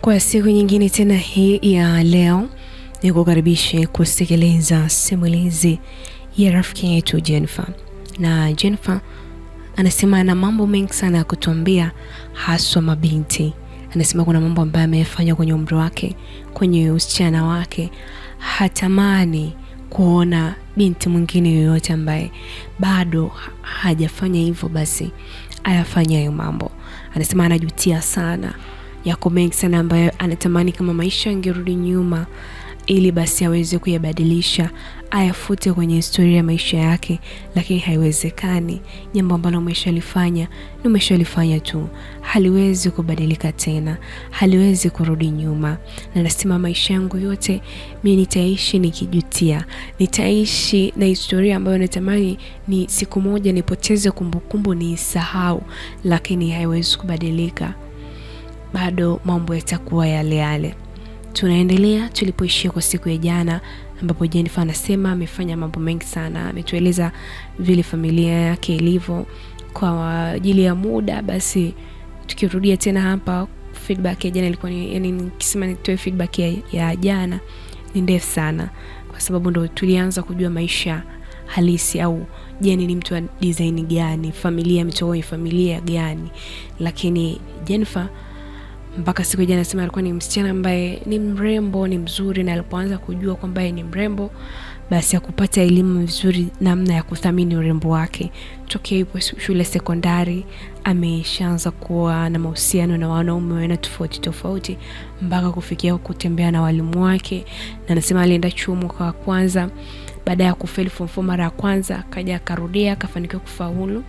Kwa siku nyingine tena hii ya leo, ni kukaribishe kusikiliza simulizi ya rafiki yetu Jennifer, na Jennifer anasema ana mambo mengi sana ya kutuambia, haswa mabinti. Anasema kuna mambo ambayo amefanya kwenye umri wake, kwenye usichana wake, hatamani kuona binti mwingine yoyote ambaye bado hajafanya hivyo, basi ayafanya hayo mambo. Anasema anajutia sana yako mengi sana ambayo anatamani kama maisha angerudi nyuma ili basi aweze kuyabadilisha ayafute kwenye historia ya maisha yake, lakini haiwezekani. Jambo ambalo umeshalifanya ni umeshalifanya tu, haliwezi kubadilika tena, haliwezi kurudi nyuma. Na nasema maisha yangu yote mimi nitaishi nikijutia, nitaishi na historia ambayo natamani ni siku moja nipoteze kumbukumbu, niisahau, lakini haiwezi kubadilika bado mambo yatakuwa yale yale. Tunaendelea tulipoishia kwa siku ya jana, ambapo Jenifer anasema amefanya mambo mengi sana, ametueleza vile familia yake ilivyo kwa ajili ya muda. Basi tukirudia tena hapa, feedback ya jana ilikuwa ni yani, nikisema nitoe feedback ya, ya jana ni ndefu sana, kwa sababu ndo tulianza kujua maisha halisi au Jeni ni mtu wa design gani, familia mtooi familia gani, lakini Jenifer mpaka siku jana anasema alikuwa ni msichana ambaye ni mrembo, ni mzuri, na alipoanza kujua kwamba ni mrembo, basi akupata elimu vizuri namna ya kuthamini urembo wake. Tokea yupo shule sekondari, ameshaanza kuwa na mahusiano na wanaume wana tofauti tofauti, mpaka kufikia kutembea na walimu wake, na anasema alienda chuo mwaka wa kwanza baada ya kufeli form mara ya kwanza, akaja akarudia, akafanikiwa kufaulu,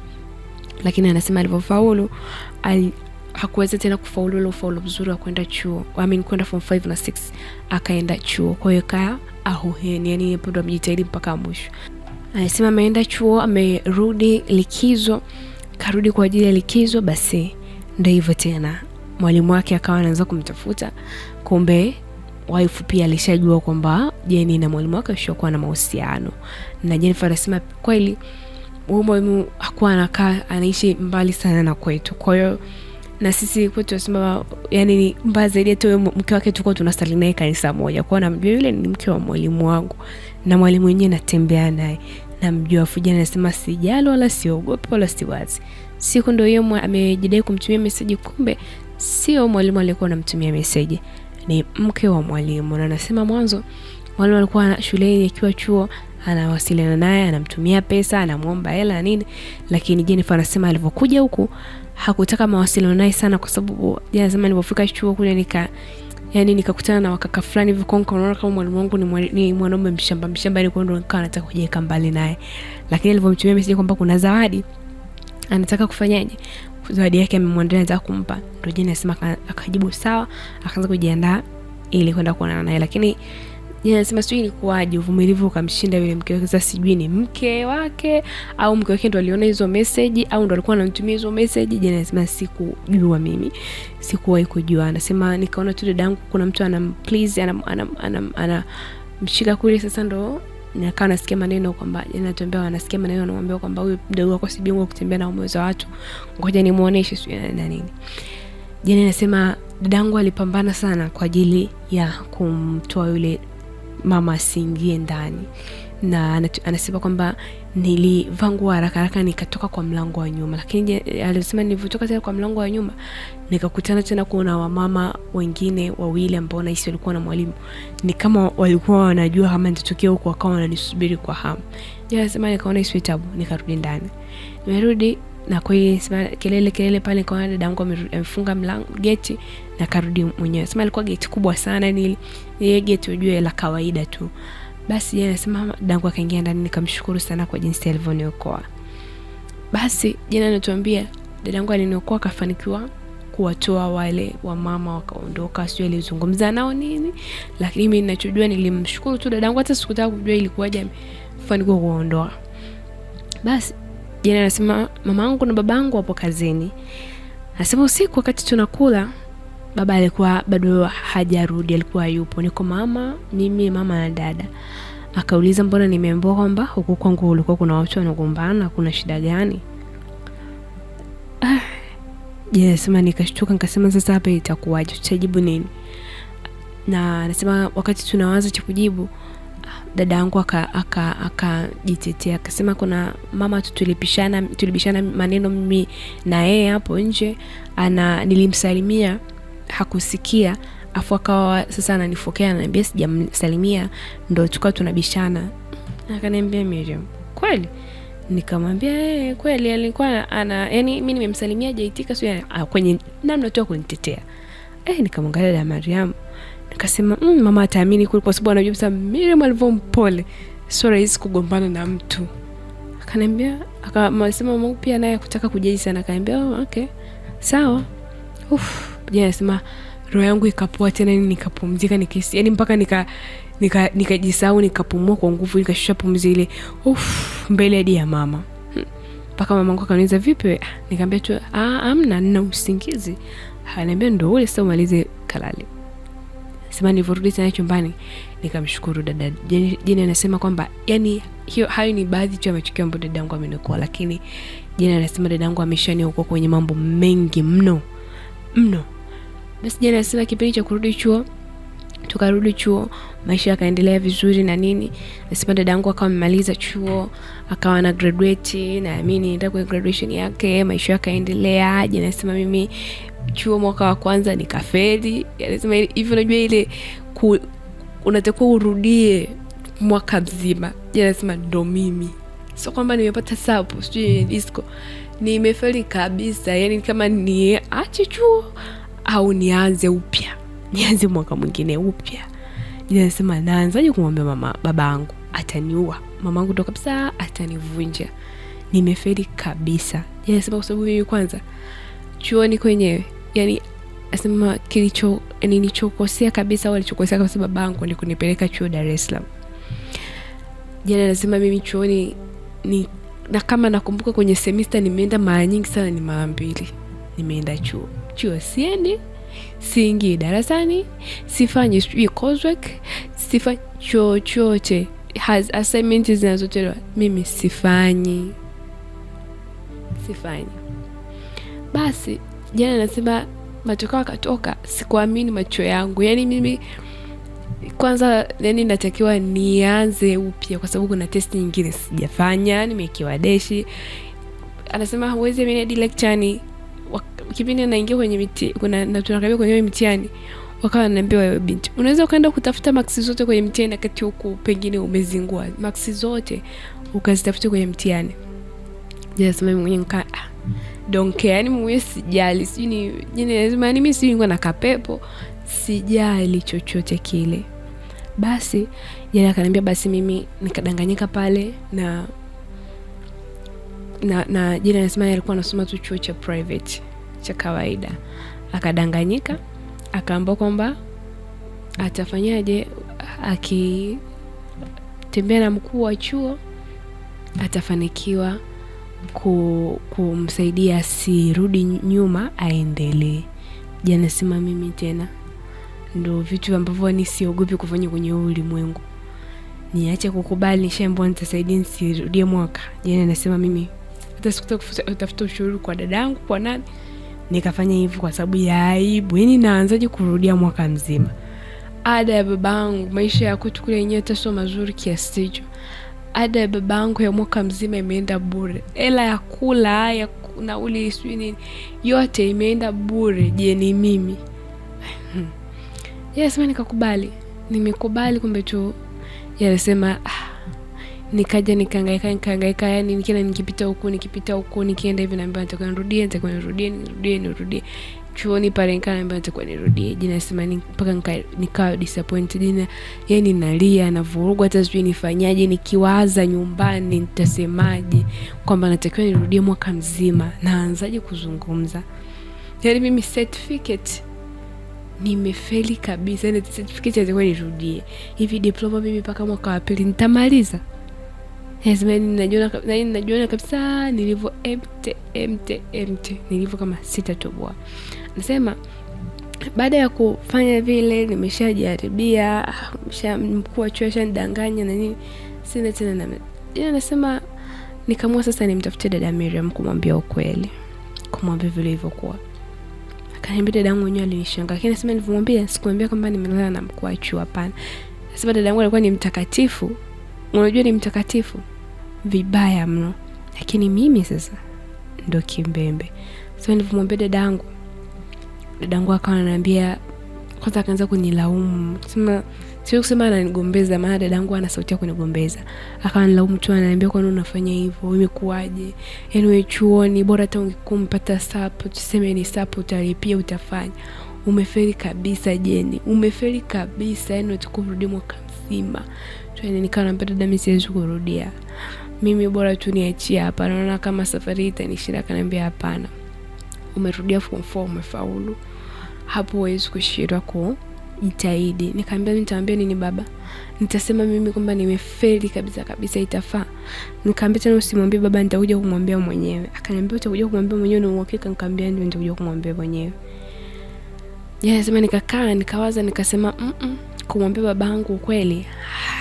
lakini anasema alivyofaulu hakuweza tena kufaulu ule ufaulu mzuri wa kwenda chuo I mean, kwenda form 5 na 6 akaenda chuo. Kwa hiyo kaa ahuheni, yani ndo amejitahidi mpaka mwisho. Anasema ameenda chuo, amerudi likizo, karudi kwa ajili ya likizo. Basi ndio hivyo tena, mwalimu wake akawa anaanza kumtafuta, kumbe waifu pia alishajua kwamba Jeni na mwalimu wake ashakuwa na mahusiano na Jennifer. Anasema kweli huyu mwalimu hakuwa anakaa, anaishi mbali sana na kwetu, kwa hiyo na sisi kwetu nasema yani, mbaya zaidi hata mke wake tulikuwa tunasali naye kanisa moja kwao, namjua yule ni mke wa mwalimu wangu, na mwalimu wenyewe natembea naye, namjua Fujana. Anasema sijali wala siogopi wala siwazi. Siku ndio hiyo amejidai kumtumia meseji, kumbe sio mwalimu aliyekuwa anamtumia meseji, ni mke wa mwalimu. Na anasema mwanzo mwalimu alikuwa shuleni akiwa chuo anawasiliana naye, anamtumia pesa, anamwomba hela nini, lakini Jenifa anasema alivyokuja huku hakutaka mawasiliano naye sana, kwa sababu jana zama nilipofika chuo kule nika yani nikakutana na wakaka fulani hivyo, kwa nikaona kama mwalimu wangu ni, ni mwanaume mshamba mshamba, ni kwa ndo nikawa nataka kujiweka mbali naye, lakini alivyomtumia message kwamba kuna zawadi anataka kufanyaje, zawadi yake amemwandalia anataka kumpa, ndio jana nasema akajibu sawa, akaanza kujiandaa ili kwenda kuonana naye lakini yeye anasema sijui ilikuwaje uvumilivu ukamshinda yule mke wake. Sasa sijui ni mke wake au mke wake ndo aliona hizo message au ndo alikuwa anamtumia hizo message. Je, anasema sikujua mimi, sikuwahi kujua. Anasema nikaona tu dadangu kuna mtu anam please anam, anam, anam, anam, anamshika kule, sasa ndo nikawa nasikia maneno kwamba jana anasikia maneno anamwambia kwamba huyu mdogo wako si bingwa kutembea na waume za watu, ngoja nimuoneshe sijui na nini. Jana anasema dadangu alipambana sana kwa ajili ya kumtoa yule mama asiingie ndani, na anasema kwamba nilivaa nguo haraka haraka nikatoka kwa mlango wa nyuma, lakini alisema nilivyotoka tena kwa mlango wa nyuma nikakutana tena kuna wamama wengine wawili ambao nahisi walikuwa na mwalimu, ni kama walikuwa wanajua kama nitatokea huko, wakawa wananisubiri kwa hamu. nasema nikaona isiwe tabu, nikarudi ndani. Nimerudi na kweli kelele kelele pale, nikaona dadangu amefunga mlango geti na karudi mwenyewe. Sema ilikuwa geti kubwa sana, ni ile geti ujue la kawaida tu. Basi yeye anasema dangu akaingia ndani, nikamshukuru sana kwa jinsi alivyoniokoa. Basi jina anatuambia dadangu aliniokoa, akafanikiwa kuwatoa wale wa mama wakaondoka, sio alizungumza nao nini, lakini mimi ninachojua nilimshukuru tu dadangu, hata sikutaka kujua ilikuwaje fanikiwa kuondoa. Basi jina anasema mamangu na babangu wapo kazini, anasema usiku wakati tunakula baba alikuwa bado hajarudi, alikuwa yupo. Niko mama mimi, mama na dada. Akauliza, mbona nimeambiwa kwamba huku kwangu ulikuwa kuna watu wanagombana, kuna shida gani? jinasema yes, nikashtuka, nikasema sasa hapa itakuwaje? Tutajibu nini? Na nasema wakati tunawaza cha kujibu, dada yangu akajitetea aka, akasema kuna mama tu tulipishana tulibishana maneno mimi na yeye hapo nje, ana nilimsalimia hakusikia afu akawa sasa ananifokea ananiambia sijamsalimia, ndo tukawa tunabishana. Akaniambia Miriam, kweli? Nikamwambia hey, eh, kweli alikuwa ana yani, mi nimemsalimia jaitika su ah, kwenye namna tu ya kunitetea eh. Nikamwangalia da Mariam nikasema mm, mama ataamini kuli kwa sababu anajua sa Miriam alivyo mpole sio rahisi kugombana na mtu. Akaniambia akasema mamangu pia naye kutaka kujaji sana, akaambia oh, okay sawa. Uf, Jana nasema roho yangu ikapoa tena, ni nikapumzika, nikisi yani mpaka nika nikajisahau nika nikapumua kwa nguvu, nikashusha pumzi ile uff, mbele hadi ya mama mpaka mamangu akaniuliza vipi, nikamwambia tu ah, amna, nina usingizi. Ananiambia ndo ule sa umalize kalale. Sema nilivyorudi tena chumbani nikamshukuru dada Jeni. Anasema kwamba yani hiyo hayo ni baadhi tu ya matukio ambayo dada yangu amenikuwa, lakini Jeni anasema dada yangu ameshaniokoa kwenye mambo mengi mno mno. Basi jana nasema kipindi cha kurudi chuo tukarudi chuo, maisha yakaendelea vizuri na nini. Nasema dada yangu akawa amemaliza chuo akawa na graduate, naamini ndio kwa graduation yake, maisha yakaendelea aje. Nasema mimi chuo mwaka wa kwanza nikafeli, anasema hivi, Unajua ile unatakiwa urudie mwaka mzima. nasema ndo mimi, sio kwamba nimepata sapo sijui disco nimefeli kabisa, yani kama ni ache chuo au nianze upya, nianze mwaka mwingine upya. Ninasema naanzaje kumwambia mama, babangu ataniua, mamangu ndo kabisa atanivunja, nimefeli kabisa. Ninasema kwa sababu mimi kwanza chuoni kwenyewe, yani asema kilicho nilichokosea kabisa au alichokosea kabisa babangu ni kunipeleka chuo Dar es Salaam. Jana anasema mimi chuoni ni na kama nakumbuka kwenye semista nimeenda mara nyingi sana ni mara mbili nimeenda chuo. Chuo siendi, siingii darasani, sifanyi sijui coursework, sifanyi chochote, assignment zinazotolewa mimi sifanyi, sifanyi. Basi jana nasema matokeo akatoka, sikuamini macho yangu, yaani mimi kwanza yani natakiwa nianze upya kwa sababu kuna test nyingine sijafanya, nimekiwa deshi. Anasema huwezi amini hadi lecture kipindi naingia kwenye miti, kuna natunakabia kwenye mtihani, wakawa wananiambia wewe binti, unaweza ukaenda kutafuta maksi zote kwenye mtihani, wakati huko pengine umezingua maksi zote ukazitafuta kwenye mtihani. Jasema mwenyewe nikaa ah, don't care, yani mwenyewe sijali, sijui ni lazima, yani mimi sijui ngo na kapepo sijali chochote kile. Basi yeye akaniambia, basi mimi nikadanganyika pale na na, na jina anasema alikuwa anasoma tu chuo cha private cha kawaida, akadanganyika akaambua kwamba atafanyaje akitembea na mkuu wa chuo atafanikiwa kumsaidia asirudi nyuma, aendelee. Jana mimi tena ndo vitu ambavyo ni siogopi kufanya kwenye huu ulimwengu. Niache kukubali nishaambiwa nitasaidia nisirudie mwaka. Jana nasema mimi hata sikutaka kutafuta ushauri kwa dadangu kwa nani. Nikafanya hivyo kwa sababu ya aibu. Yaani naanzaje kurudia mwaka mzima? Ada ya babangu, maisha ya kutu kule yenyewe hata sio mazuri kiasi hicho. Ada ya babangu ya mwaka mzima imeenda bure. Hela ya kula ya nauli sijui nini yote imeenda bure. Je, ni mimi Yes, mimi nikakubali, nimekubali kumbe tu yalisema ah, nikaja nikahangaika nikahangaika, yani nikienda nikipita huku nikipita huku nikienda hivi, naambia nitakuwa nirudie nitakuwa nirudie nirudie nirudie chuoni pale, nikaa naambia nitakuwa nirudie jina sema mpaka nikawa disappointed jina, yani nalia na vurugu, hata sijui nifanyaje, nikiwaza nyumbani nitasemaje kwamba natakiwa nirudie mwaka mzima, naanzaje kuzungumza? Yani mimi certificate nimefeli kabisa, certificate yaani nirudie. Hivi diploma mimi mpaka mwaka wa pili nitamaliza? Lazima najiona na kabisa nilivyo empty empty empty, nilivyo kama sitatoboa. Nasema baada ya kufanya vile, nimeshajaribia msha mkuu wa chuo na nini, sina tena namna. Yaani nasema nikamua sasa nimtafutie dada Miriam kumwambia ukweli, kumwambia vile ilivyokuwa. Kaniambia dada yangu mwenyewe alinishanga lakini nasema nilivyomwambia, sikumwambia kwamba nimelala na mkwaju, hapana. Nasema dada yangu alikuwa ni mtakatifu, unajua ni mtakatifu vibaya mno, lakini mimi sasa ndo kimbembe. So nilivyomwambia dada dadangu akawa ananiambia kwanza, akaanza kunilaumu sema Sio kusema ananigombeza, maana dadangu ana sauti ya kunigombeza. Akawa nilaumu tu, ananiambia kwa nini unafanya hivyo, imekuaje? Yaani wewe chuoni, bora hata ungekumpata sapo, tuseme ni sapo, utalipia utafanya. Umefeli kabisa Jeni, umefeli kabisa, yaani utakurudi mwaka mzima. Yaani nikawa nampa dada, mimi siwezi kurudia, mimi bora tu niachie hapa, naona kama safari hii itanishinda. Akaniambia hapana, umerudia form four, umefaulu, hapo huwezi kushindwa ku jitahidi. Nikamwambia nitamwambia nini baba? Nitasema mimi kwamba nimefeli kabisa kabisa, itafaa? Nikamwambia tena usimwambie baba, nitakuja kumwambia mwenyewe. Akaniambia utakuja kumwambia mwenyewe na uhakika? Nikamwambia ndio, nitakuja kumwambia mwenyewe. Yeye anasema nikakaa, nikawaza, nikasema mm -mm, kumwambia babangu ukweli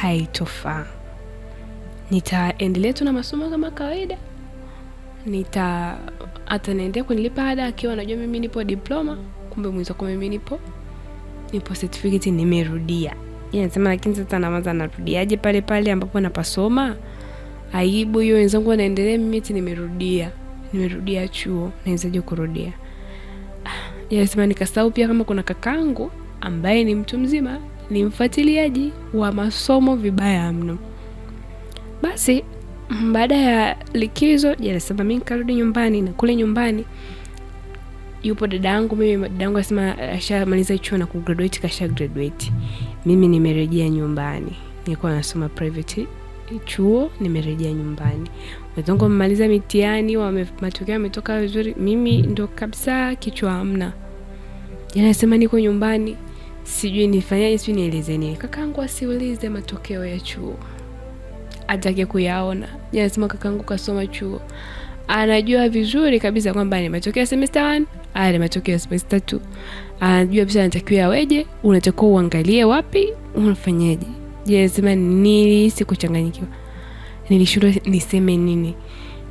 haitofaa. Nitaendelea tu na masomo kama kawaida, nita ataniendea kunilipa ada akiwa anajua mimi nipo diploma, kumbe mwizo kwa mimi nipo nipo certificate nimerudia. Yeye anasema lakini sasa naanza narudiaje pale pale ambapo napasoma? Aibu hiyo, wenzangu wanaendelea, mimi eti nimerudia. Nimerudia chuo, nawezaje kurudia? Ah, yeye anasema nikasahau pia kama kuna kakangu ambaye ni mtu mzima, ni mfuatiliaji wa masomo vibaya mno. Basi baada ya likizo, anasema mimi nikarudi nyumbani na kule nyumbani yupo dada yangu mimi, dada yangu asema eh, ashamaliza chuo na kugraduate, kasha graduate. Mimi nimerejea nyumbani, nilikuwa nasoma private eh, chuo, nimerejea nyumbani. Wenzangu wamemaliza mitihani, wame matokeo yametoka vizuri, mimi ndo kabisa kichwa amna Yanasema yaani niko nyumbani, sijui nifanyaje, sijui nieleze nini. Kakaangu asiulize matokeo ya chuo, atake kuyaona. Yanasema yaani kakaangu kasoma chuo anajua vizuri kabisa kwamba ni matokeo ya semester 1 haya ni matokeo ya semester 2. Anajua pesa anatakiwa aweje, unatakiwa uangalie wapi, unafanyaje. Je, sema nilihisi kuchanganyikiwa, nilishindwa niseme nini,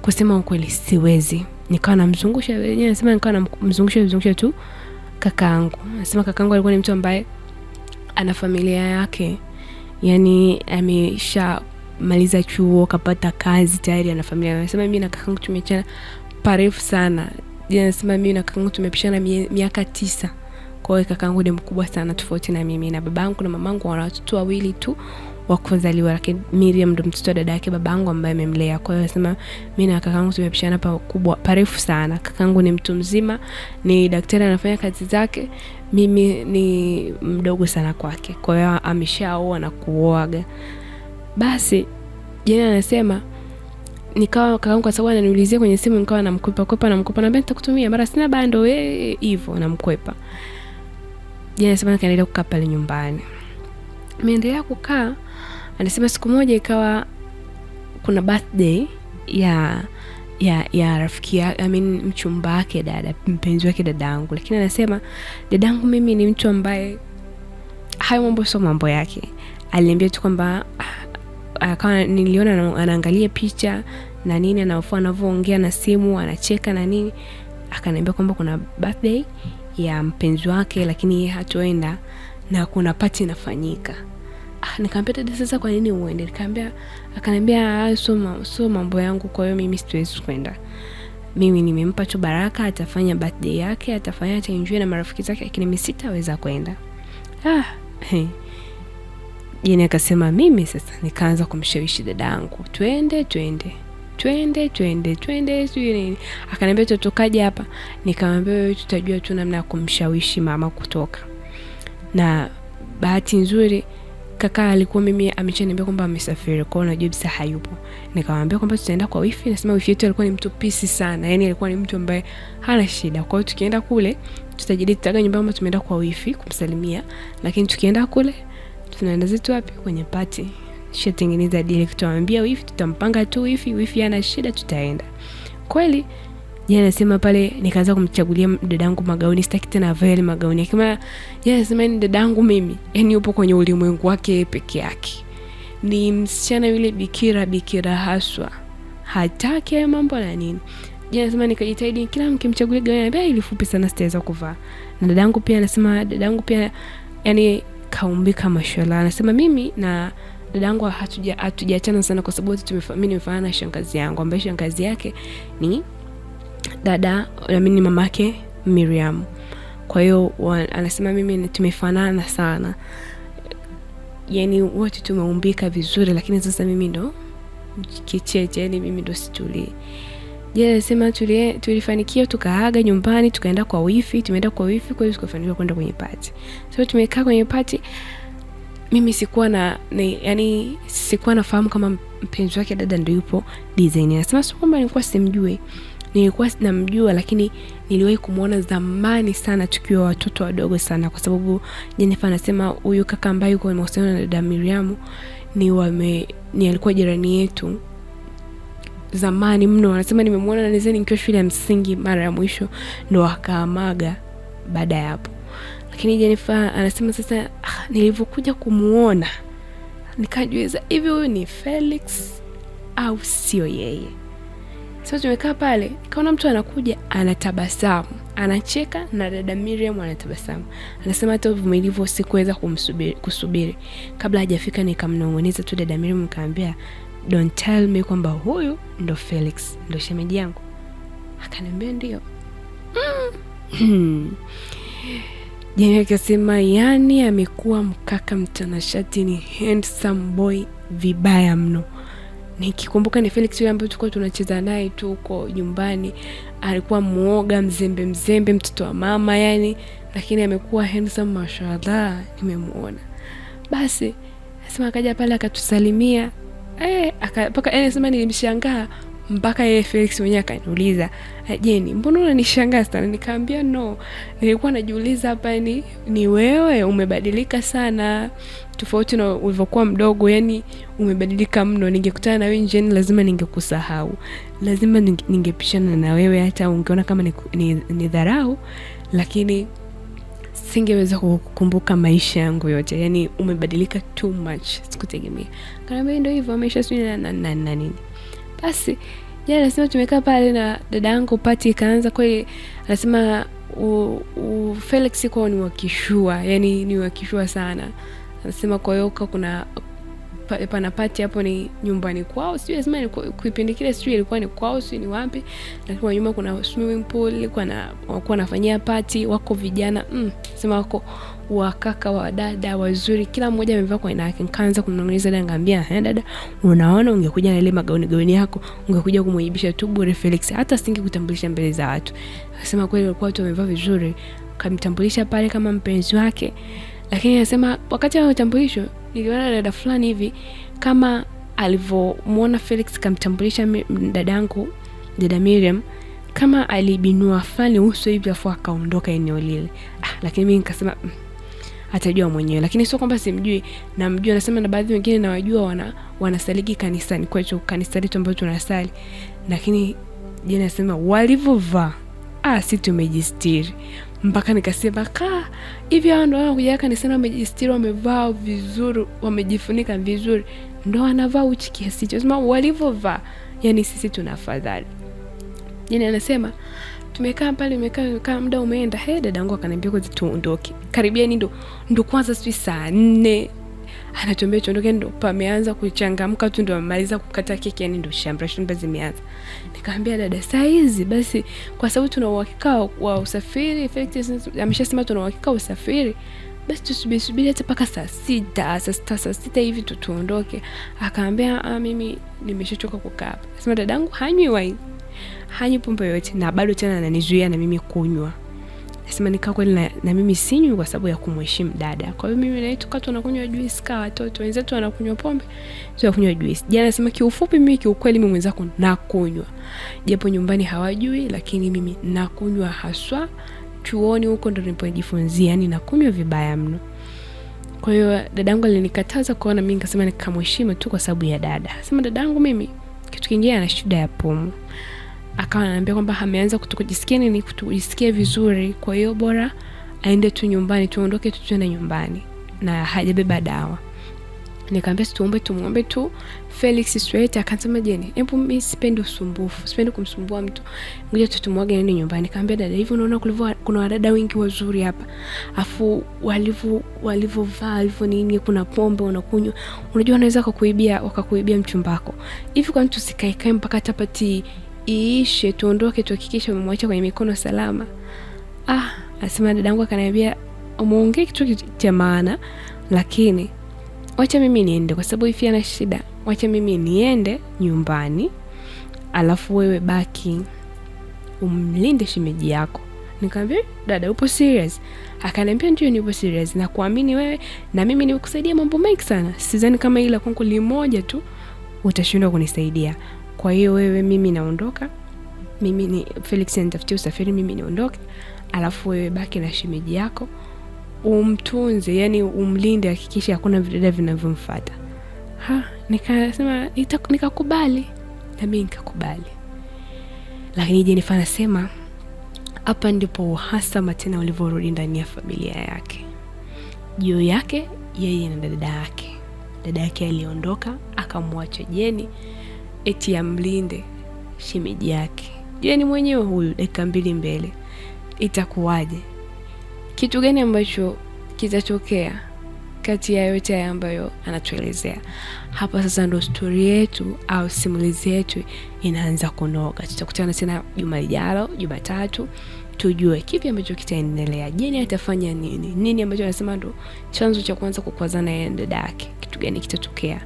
kusema ukweli siwezi, nikawa namzungusha yeye, anasema nikawa namzungusha mzungusha tu kakaangu. Anasema kakaangu alikuwa ni mtu ambaye ana familia yake, yani amesha maliza chuo kapata kazi tayari ana familia. Anasema mimi na kakangu tumeachana parefu sana. Je, anasema mimi na kakangu tumepishana miaka tisa. kwao hiyo kakangu ni mkubwa sana tofauti na mimi, na babangu na mamangu wana watoto wawili tu wa kuzaliwa, lakini Miriam ndo mtoto wa dada yake babangu ambaye amemlea. Kwa hiyo anasema mimi na kakangu tumepishana pakubwa parefu sana. Kakangu ni mtu mzima, ni daktari, anafanya kazi zake, mimi ni mdogo sana kwake. Kwa hiyo ameshaoa na kuoaga basi jana anasema nikawa kakaangu kwa sababu ananiulizia kwenye simu, nikawa namkwepa kwepa, namkwepa, naambia nitakutumia, mara sina bando we hivyo namkwepa. jana anasema nikaendelea kukaa pale nyumbani, nimeendelea kukaa. Anasema siku moja ikawa kuna birthday ya ya ya rafiki ya, I mean, mchumba wake dada mpenzi wake dadangu, lakini anasema dadangu mimi ni mtu ambaye hayo mambo sio mambo yake. Aliniambia tu kwamba akawa niliona anaangalia picha na nini anavyokuwa anavyoongea na simu anacheka na nini, akaniambia kwamba kuna birthday ya mpenzi wake lakini yeye hatoenda na kuna pati inafanyika. Ah, nikaambia dada, sasa kwa nini uende? nikaambia akaniambia ah, so, ma, so mambo yangu, kwa hiyo mimi siwezi kwenda. Mimi nimempa tu baraka, atafanya birthday yake, atafanya ataenjoy na marafiki zake, lakini mi sitaweza kwenda. Ah, hey. Jeni akasema mimi sasa. Nikaanza kumshawishi dadangu, twende twende twende twende twende, sijui nini. Akaniambia tutokaje hapa? Nikamwambia wewe, tutajua tu namna ya kumshawishi mama kutoka. Na bahati nzuri kaka alikuwa mimi ameshaniambia kwamba amesafiri kwao na Jobs hayupo. Nikamwambia kwamba tutaenda kwa wifi, nasema wifi yetu alikuwa ni mtu pisi sana, yani alikuwa ni mtu ambaye hana shida. Kwa hiyo tukienda kule tutajadili tutaga nyumbani, tumeenda kwa wifi kumsalimia, lakini tukienda kule tunaenda zetu wapi? Kwenye pati. shatengeneza dili, tutawaambia wifi, tutampanga tu wifi, wifi ana shida, tutaenda kweli. Yeye anasema pale, nikaanza kumchagulia dadangu magauni, sitaki tena veli magauni. Akima yeye anasema ni yaani dadangu mimi, yani yupo kwenye ulimwengu wake peke yake, ni msichana yule bikira bikira haswa, hataki hayo mambo na nini. Yeye anasema nikajitahidi, kila mkimchagulia gauni anambia ilifupi sana sitaweza kuvaa. Na dadangu pia anasema dadangu pia yani Kaumbika Mashola anasema mimi na dada yangu hatujaachana sana kwa sababu mimi nimefanana na shangazi yangu ambaye shangazi yake ni dada nami ni yake Miriam. Kwa hiyo anasema mimi tumefanana sana, yani wote tumeumbika vizuri, lakini sasa mimi ndo kicheche, yani mimi ndo situlii. Jela alisema tulifanikiwa, tukaaga nyumbani, tukaenda kwa wifi, tumeenda kwa wifi kweli, tukafanikiwa kwenda kwenye pati. So tumekaa kwenye pati, mimi sikuwa na ni, yani sikuwa nafahamu kama mpenzi wake dada ndio yupo design. Anasema sio kwamba nilikuwa simjui, nilikuwa namjua, lakini niliwahi kumwona zamani sana tukiwa watoto wadogo sana, kwa sababu Jenifa anasema huyu kaka ambaye yuko mahusiano na dada Miriamu ni wame ni alikuwa jirani yetu zamani mno, anasema nimemwona nanizeni nikiwa shule ya msingi mara ya mwisho, ndo akaamaga baada ya hapo. Lakini Jenifa anasema sasa, ah, nilivyokuja kumuona nikajiweza hivi, huyu ni Felix au sio yeye? Sasa tumekaa pale, nikaona mtu anakuja anatabasamu anacheka na dada Miriam anatabasamu. Anasema hata uvumilivu sikuweza kumsubiri kusubiri kabla hajafika, nikamnong'oneza tu dada Miriam, nikamwambia don't tell me kwamba huyu ndo Felix ndo shemeji yangu. Akaniambia ndio. Mm. Jeni akasema yani, amekuwa mkaka mtanashati, ni handsome boy vibaya mno. Nikikumbuka ni Felix yule ambaye tulikuwa tunacheza naye tu huko nyumbani, alikuwa muoga, mzembe mzembe, mtoto wa mama yani, lakini amekuwa handsome mashallah, nimemuona. Basi asema akaja pale akatusalimia eh, mpaka eh, nilimshangaa mpaka yeye Felix mwenyewe akaniuliza, eh, Jeni, mbona unanishangaa sana? Nikaambia no, nilikuwa najiuliza hapa ni, ni wewe umebadilika sana tofauti na ulivyokuwa mdogo, yani umebadilika mno. Ningekutana na wewe njeni yaani lazima ningekusahau, lazima ningepishana na wewe, hata ungeona kama ni, ni, ni dharau, lakini singeweza kukumbuka maisha yangu yote, yani umebadilika too much, sikutegemea. kanambia ndio hivyo maisha sijui na, na, na, na nini. Basi ja anasema tumekaa pale na dada yangu pati ikaanza kweli, anasema Felix kwao ni wakishua, yani ni wakishua sana, anasema kwa hiyo kuna pana pati hapo ni nyumbani kwao, sijui lazima kuipindi kile sijui ilikuwa ni kwao, sijui ni wapi, lakini kwa nyuma kuna swimming pool, ilikuwa na wakuwa wanafanyia pati, wako vijana mm, sema wako wakaka wa dada wazuri, kila mmoja amevaa kwa aina yake. Nikaanza kumnong'oneza dada, ngambia eh, dada, unaona ungekuja na ile magauni gauni yako ungekuja kumuibisha tu bure Felix, hata kutambulisha mbele za watu. Akasema kweli walikuwa watu wamevaa vizuri, kamtambulisha pale kama mpenzi wake, lakini anasema wakati wa utambulisho niliona dada fulani hivi kama alivyomwona Felix kamtambulisha dada yangu dada Miriam kama alibinua fulani uso hivi afu akaondoka eneo lile. Ah, lakini mimi nikasema mm, atajua mwenyewe, lakini sio kwamba simjui, namjua. Nasema na baadhi wengine nawajua wana wanasaliki kanisani kwetu, kanisa letu ambayo tunasali, lakini jina nasema walivyovaa, ah, si tumejistiri mpaka nikasema ka hivi, hawa ndo wanakuja kanisani wamejistiri, wamevaa vizuri, wamejifunika vizuri, ndo wanavaa uchi kiasi hicho. Sema walivyovaa, yani sisi tuna afadhali. Yani anasema tumekaa pale, umekaa muda umeenda. He, dadangu akaniambia kwanza tuondoke, karibia ni ndo ndo kwanza sijui saa nne anatuambia tuondoke, ndo pameanza kuchangamka tu, ndo amemaliza kukata keki, yani ndo shamra shamra zimeanza. Nikamwambia dada, saa hizi basi, kwa sababu tuna uhakika wa usafiri, ameshasema tuna uhakika wa usafiri basi tusubiri subiri hata mpaka saa sita saa sita saa sita hivi tutuondoke. Akaambia ah, mimi nimeshachoka kukaa hapa. Sema dadangu hanywi wai, hanywi pombe yote, na bado tena ananizuia na mimi kunywa. Nasema nikaa kweli na, na mimi sinywi kwa sababu ya kumheshimu dada. Kwa hiyo mimi na yeye tukaa tunakunywa juice kama watoto wenzetu wanakunywa pombe, tunakunywa juice. Jana nasema kiufupi, mimi kiukweli, mimi mwenzako nakunywa, japo nyumbani hawajui, lakini mimi nakunywa haswa. Chuoni huko ndo nilipojifunzia, yani nakunywa vibaya mno. Kwa hiyo dadangu alinikataza kuona, mimi nikasema nikamheshimu tu kwa sababu ya dada. Sema dadangu mimi, kitu kingine, ana shida ya pumu akawa ananiambia kwamba ameanza kutokujisikia nini, kutokujisikia vizuri, kwa hiyo bora aende tu nyumbani, tuondoke tu tuende nyumbani, na hajabeba dawa. nikaambia situombe, tumwombe tu Felix Sweta. Akasema Jeni, hebu mi sipendi usumbufu, sipendi kumsumbua mtu, ngoja tutumwage nende nyumbani. nikaambia dada, hivi unaona kulivyo, kuna wadada wengi wazuri hapa, afu walivyo walivyovaa alivyo nini, kuna pombe unakunywa, unajua wanaweza wakakuibia wakakuibia mchumbako hivi, kwani tusikaekae mpaka tapati iishe, tuondoke, tuhakikishe umemwacha kwenye mikono salama. Ah, asema dadangu akaniambia, umeongea kitu cha maana, lakini wacha mimi niende, kwa sababu Ify ana shida, wacha mimi niende nyumbani, alafu wewe baki umlinde shemeji yako. Nikamwambia, dada, upo serious? Akaniambia, ndio, nipo serious, na kuamini wewe, na mimi nimekusaidia mambo mengi sana, sidhani kama ila kwangu limoja tu utashindwa kunisaidia kwa hiyo wewe, mimi naondoka, mimi ni Felix anitafutie usafiri, mimi niondoke, alafu wewe baki na shemeji yako umtunze, yani umlinde, hakikisha hakuna vidada vinavyomfuata. Ha, nikasema nikakubali, nami nikakubali. Lakini Jenifa anasema hapa ndipo uhasama tena ulivyorudi ndani ya familia yake, juu yake yeye na dada yake. Dada yake aliondoka akamwacha Jeni eti amlinde shemeji yake. Je, ni mwenyewe huyu dakika mbili mbele itakuwaje? Kitu gani ambacho kitatokea kati ya yote haya ambayo anatuelezea hapa? Sasa ndo stori yetu au simulizi yetu inaanza kunoga. Tutakutana tena juma lijalo, Jumatatu, tujue kipi ambacho kitaendelea. Jeni atafanya nini? Nini ambacho anasema ndo chanzo cha kwanza kukwazana yeye na dada yake? Kitu gani kitatokea?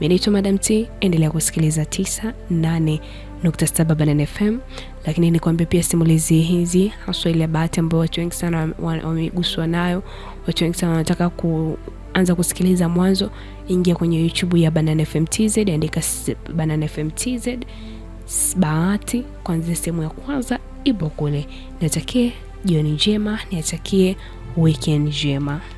naitwa Madam T, endelea kusikiliza 98.7 FM, lakini nikuambia pia simulizi hizi haswa ile bahati ambayo watu wengi sana wameguswa nayo, watu wengi sana wanataka ku anza kusikiliza mwanzo, ingia kwenye YouTube ya Banana andika Banana bahati, kwanzia sehemu ya kwanza ipo kule. Niatakie jioni njema, niatakie weekend njema.